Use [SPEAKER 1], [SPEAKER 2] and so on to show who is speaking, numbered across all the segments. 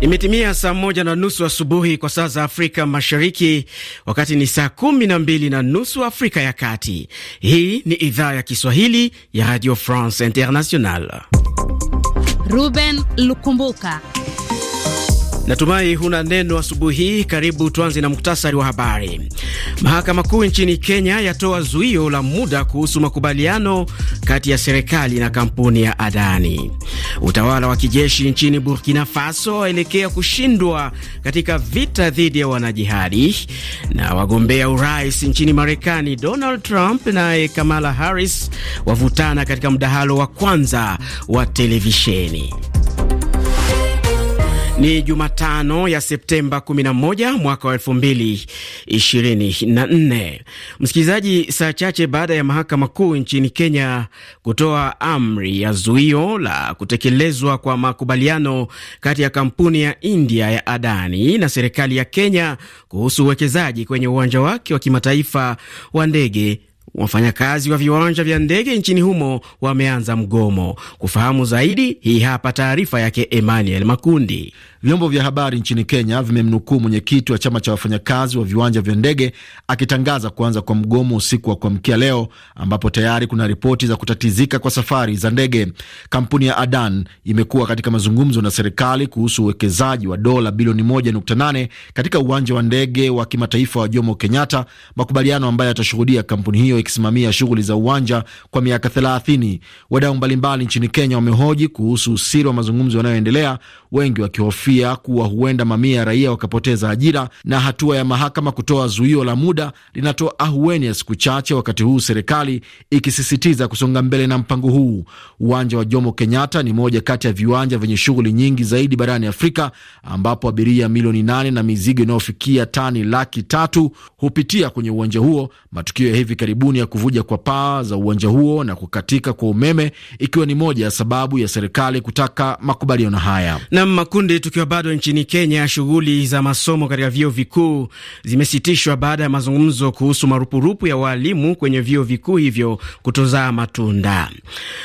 [SPEAKER 1] Imetimia saa moja na nusu asubuhi kwa saa za Afrika Mashariki, wakati ni saa kumi na mbili na nusu Afrika ya Kati. Hii ni idhaa ya Kiswahili ya Radio France International.
[SPEAKER 2] Ruben Lukumbuka,
[SPEAKER 1] natumai huna neno asubuhi hii. Karibu tuanze na muktasari wa habari. Mahakama Kuu nchini Kenya yatoa zuio la muda kuhusu makubaliano kati ya serikali na kampuni ya Adani. Utawala wa kijeshi nchini Burkina Faso waelekea kushindwa katika vita dhidi ya wanajihadi. Na wagombea urais nchini Marekani, Donald Trump naye Kamala Harris wavutana katika mdahalo wa kwanza wa televisheni. Ni Jumatano ya Septemba 11 mwaka wa 2024. Msikilizaji, saa chache baada ya mahakama kuu nchini Kenya kutoa amri ya zuio la kutekelezwa kwa makubaliano kati ya kampuni ya India ya Adani na serikali ya Kenya kuhusu uwekezaji kwenye uwanja wake wa kimataifa wa ndege Wafanyakazi wa viwanja vya ndege nchini humo wameanza mgomo. Kufahamu zaidi, hii hapa taarifa yake Emmanuel Makundi.
[SPEAKER 3] Vyombo vya habari nchini Kenya vimemnukuu mwenyekiti wa chama cha wafanyakazi wa viwanja vya ndege akitangaza kuanza kwa mgomo usiku wa kuamkia leo, ambapo tayari kuna ripoti za kutatizika kwa safari za ndege. Kampuni ya Adan imekuwa katika mazungumzo na serikali kuhusu uwekezaji wa dola bilioni 1.8 katika uwanja wa ndege wa kimataifa wa Jomo Kenyatta, makubaliano ambayo yatashuhudia kampuni hiyo akisimamia shughuli za uwanja kwa miaka 30. Wadau mbalimbali nchini Kenya wamehoji kuhusu usiri wa mazungumzo yanayoendelea, wengi wakihofia kuwa huenda mamia ya raia wakapoteza ajira, na hatua ya mahakama kutoa zuio la muda linatoa ahueni ya siku chache, wakati huu serikali ikisisitiza kusonga mbele na mpango huu. Uwanja wa Jomo Kenyatta ni moja kati ya viwanja vyenye shughuli nyingi zaidi barani Afrika, ambapo abiria milioni nane na mizigo inayofikia tani laki tatu hupitia kwenye uwanja huo. Matukio ya hivi karibuni karibuni ya kuvuja kwa paa za uwanja huo na kukatika kwa umeme ikiwa ni moja ya sababu ya serikali kutaka makubaliano haya.
[SPEAKER 1] Na makundi, tukiwa bado nchini Kenya, shughuli za masomo katika vyuo vikuu zimesitishwa baada ya mazungumzo kuhusu marupurupu ya waalimu kwenye vyuo vikuu hivyo kutozaa matunda.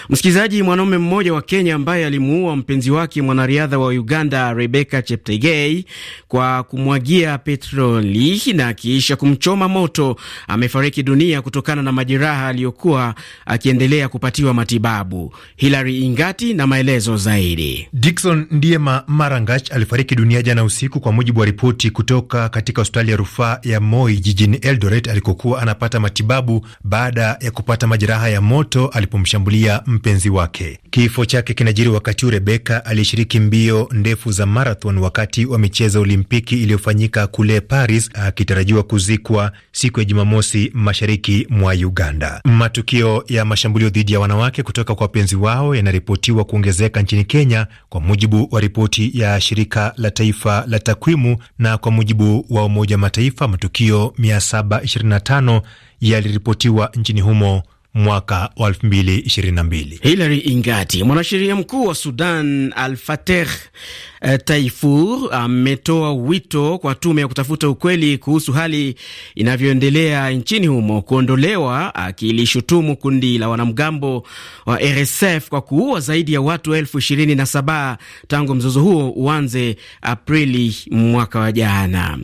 [SPEAKER 1] Msikilizaji, mwanaume mmoja wa Kenya ambaye alimuua mpenzi wake mwanariadha wa Uganda Rebecca Cheptegei kwa kumwagia petroli na kisha kumchoma moto amefariki dunia kutokana kutokana na majeraha aliyokuwa akiendelea kupatiwa matibabu. Hilary Ingati na maelezo zaidi. Dikson ndiye
[SPEAKER 2] Marangach alifariki dunia jana usiku, kwa mujibu wa ripoti kutoka katika hospitali ya rufaa ya Moi jijini Eldoret alikokuwa anapata matibabu baada ya kupata majeraha ya moto alipomshambulia mpenzi wake. Kifo chake kinajiri wakati Rebeka aliyeshiriki mbio ndefu za marathon wakati wa michezo Olimpiki iliyofanyika kule Paris akitarajiwa kuzikwa siku ya Jumamosi mashariki mwa mwa Uganda. Matukio ya mashambulio dhidi ya wanawake kutoka kwa wapenzi wao yanaripotiwa kuongezeka nchini Kenya, kwa mujibu wa ripoti ya shirika la taifa la takwimu. Na kwa mujibu wa Umoja wa Mataifa, matukio
[SPEAKER 1] 725 yaliripotiwa nchini humo mwaka wa 2022. Hilary Ingati, mwanasheria mkuu wa Sudan Al Fateh eh, Taifur ametoa wito kwa tume ya kutafuta ukweli kuhusu hali inavyoendelea nchini humo kuondolewa, akilishutumu kundi la wanamgambo wa RSF kwa kuua zaidi ya watu elfu ishirini na saba tangu mzozo huo uanze Aprili mwaka wa jana.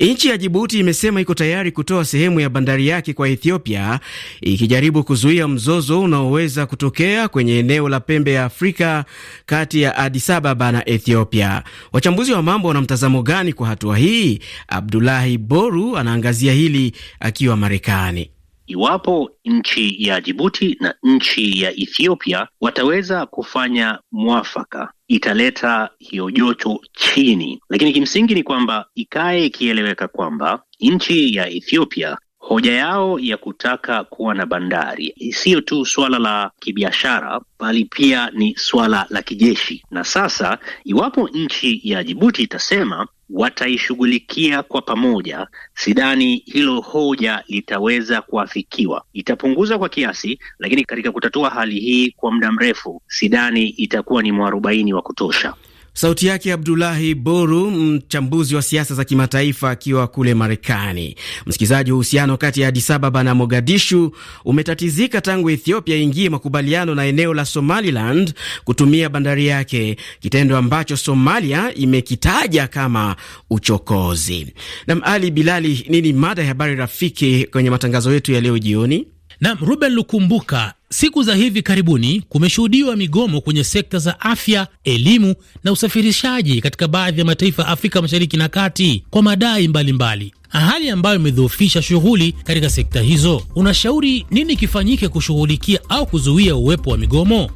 [SPEAKER 1] Nchi ya Jibuti imesema iko tayari kutoa sehemu ya bandari yake kwa Ethiopia, ikijaribu kuzuia mzozo unaoweza kutokea kwenye eneo la pembe ya Afrika kati ya Addis Ababa na Ethiopia. Wachambuzi wa mambo wana mtazamo gani kwa hatua hii? Abdulahi Boru anaangazia hili akiwa Marekani.
[SPEAKER 2] Iwapo nchi ya Jibuti na nchi ya Ethiopia wataweza kufanya mwafaka, italeta hiyo joto chini, lakini kimsingi ni kwamba ikae ikieleweka kwamba nchi ya Ethiopia Hoja yao ya kutaka kuwa na bandari siyo tu suala la kibiashara, bali pia ni suala la kijeshi. Na sasa iwapo nchi ya Jibuti itasema wataishughulikia kwa pamoja, sidhani hilo hoja litaweza kuafikiwa. Itapunguza kwa kiasi, lakini katika kutatua hali hii kwa muda mrefu, sidhani itakuwa ni mwarobaini wa kutosha.
[SPEAKER 1] Sauti yake Abdulahi Boru, mchambuzi wa siasa za kimataifa akiwa kule Marekani. Msikilizaji, uhusiano kati ya Adis Ababa na Mogadishu umetatizika tangu Ethiopia ingie makubaliano na eneo la Somaliland kutumia bandari yake, kitendo ambacho Somalia imekitaja kama uchokozi. Nam Ali Bilali, nini mada ya habari rafiki kwenye matangazo yetu ya leo jioni? Nam Ruben Lukumbuka Siku za hivi
[SPEAKER 2] karibuni kumeshuhudiwa migomo kwenye sekta za afya, elimu na usafirishaji katika baadhi ya mataifa ya Afrika Mashariki na Kati kwa madai mbalimbali mbali hali ambayo imedhoofisha shughuli katika sekta hizo. Unashauri nini kifanyike kushughulikia au kuzuia uwepo wa migomo?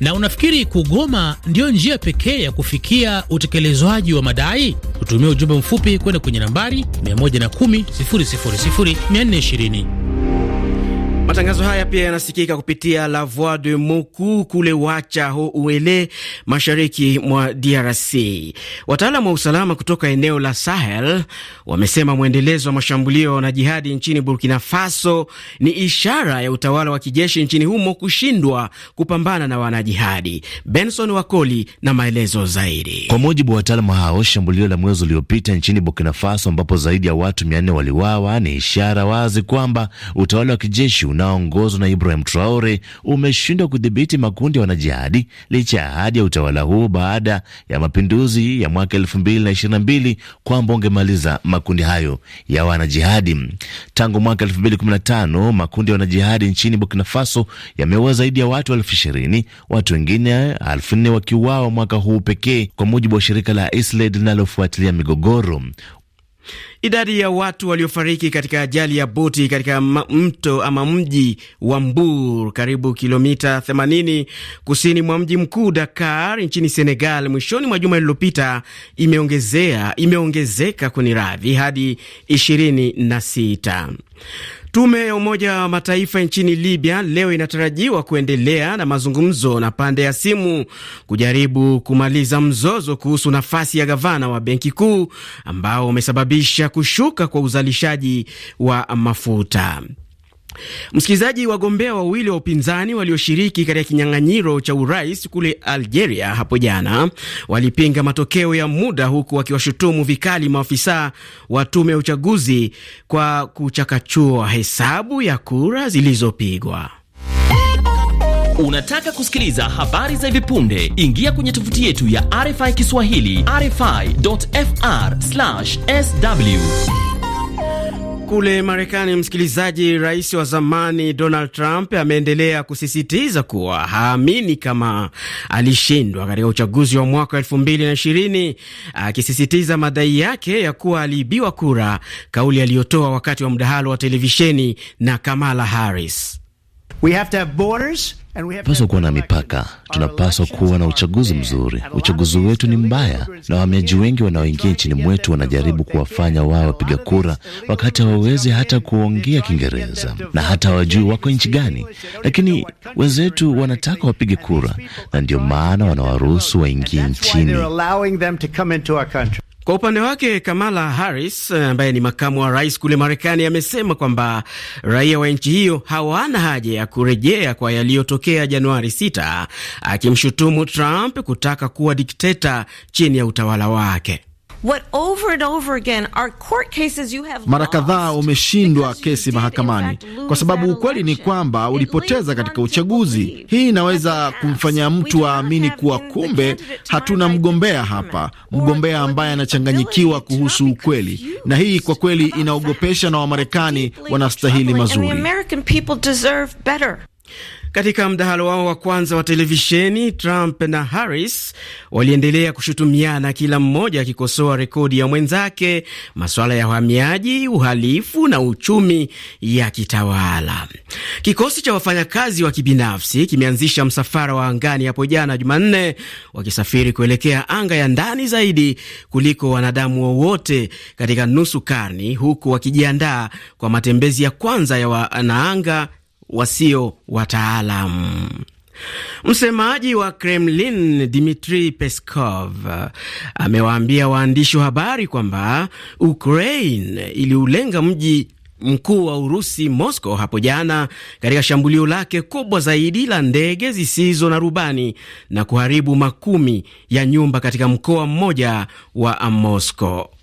[SPEAKER 2] Na unafikiri kugoma ndiyo njia pekee ya kufikia utekelezwaji wa madai? Kutumia ujumbe mfupi kwenda kwenye nambari 110 000 420.
[SPEAKER 1] Matangazo haya pia yanasikika kupitia La Voix de Moku kule Wacha ho Uele, mashariki mwa DRC. Wataalam wa usalama kutoka eneo la Sahel wamesema mwendelezo wa mashambulio na jihadi nchini Burkina Faso ni ishara ya utawala wa kijeshi nchini humo kushindwa kupambana na wanajihadi. Benson Wakoli na maelezo zaidi. Kwa
[SPEAKER 2] mujibu wa wataalamu hao, shambulio la mwezi uliopita nchini Burkina Faso ambapo zaidi ya watu mia nne waliwawa ni ishara wazi kwamba utawala wa kijeshi unaoongozwa na Ibrahim Traore umeshindwa kudhibiti makundi ya wanajihadi licha ya ahadi ya utawala huo baada ya mapinduzi ya mwaka 2022 kwamba ungemaliza makundi hayo ya wanajihadi. Tangu mwaka 2015 makundi ya wanajihadi nchini Burkina Faso yameua zaidi ya watu elfu ishirini, watu wengine elfu nne wakiuawa mwaka huu pekee, kwa mujibu wa shirika la ISLED linalofuatilia migogoro.
[SPEAKER 1] Idadi ya watu waliofariki katika ajali ya boti katika mto ama mji wa mbur karibu kilomita 80 kusini mwa mji mkuu Dakar nchini Senegal, mwishoni mwa juma lililopita imeongezea imeongezeka kwenye radhi hadi 26. Tume ya Umoja wa Mataifa nchini Libya leo inatarajiwa kuendelea na mazungumzo na pande ya simu kujaribu kumaliza mzozo kuhusu nafasi ya gavana wa benki kuu ambao umesababisha kushuka kwa uzalishaji wa mafuta. Msikilizaji, wagombea wawili wa upinzani walioshiriki katika kinyang'anyiro cha urais kule Algeria hapo jana walipinga matokeo ya muda, huku wakiwashutumu vikali maafisa wa tume ya uchaguzi kwa kuchakachua hesabu ya kura zilizopigwa. Unataka kusikiliza habari za hivi punde? Ingia kwenye tovuti yetu ya RFI Kiswahili, rfi.fr/sw. Kule Marekani, msikilizaji, rais wa zamani Donald Trump ameendelea kusisitiza kuwa haamini kama alishindwa katika uchaguzi wa mwaka ishirini, akisisitiza madai yake ya kuwa aliibiwa kura, kauli aliyotoa wakati wa mdahalo wa televisheni na Kamala Harris. We have to have borders
[SPEAKER 2] tunapaswa kuwa na mipaka, tunapaswa kuwa na uchaguzi mzuri. Uchaguzi wetu ni mbaya, na wahamiaji wengi wanaoingia nchini mwetu wanajaribu kuwafanya wao wapiga kura, wakati hawawezi hata kuongea Kiingereza na hata hawajui wako nchi gani, lakini wenzetu wanataka wapige kura, na ndio maana wanawaruhusu waingie nchini.
[SPEAKER 1] Kwa upande wake Kamala Harris eh, ambaye ni makamu wa rais kule Marekani amesema kwamba raia wa nchi hiyo hawana haja ya kurejea kwa yaliyotokea Januari 6, akimshutumu Trump kutaka kuwa dikteta chini ya utawala wake. What over and over again are court cases you have mara kadhaa
[SPEAKER 3] umeshindwa kesi mahakamani kwa sababu ukweli ni kwamba ulipoteza katika uchaguzi. Hii inaweza kumfanya mtu aamini kuwa kumbe hatuna mgombea hapa, mgombea ambaye anachanganyikiwa kuhusu ukweli, na hii kwa kweli inaogopesha, na
[SPEAKER 1] Wamarekani wanastahili mazuri. Katika mdahalo wao wa kwanza wa televisheni, Trump na Harris waliendelea kushutumiana, kila mmoja akikosoa rekodi ya mwenzake, masuala ya uhamiaji, uhalifu na uchumi ya kitawala. Kikosi cha wafanyakazi wa kibinafsi kimeanzisha msafara wa angani hapo jana Jumanne, wakisafiri kuelekea anga ya ndani zaidi kuliko wanadamu wowote katika nusu karni, huku wakijiandaa kwa matembezi ya kwanza ya wanaanga wasio wataalam Msemaji wa Kremlin Dmitri Peskov amewaambia waandishi wa habari kwamba Ukraine iliulenga mji mkuu wa Urusi Moscow hapo jana katika shambulio lake kubwa zaidi la ndege zisizo na rubani na kuharibu makumi ya nyumba katika mkoa mmoja wa Moscow.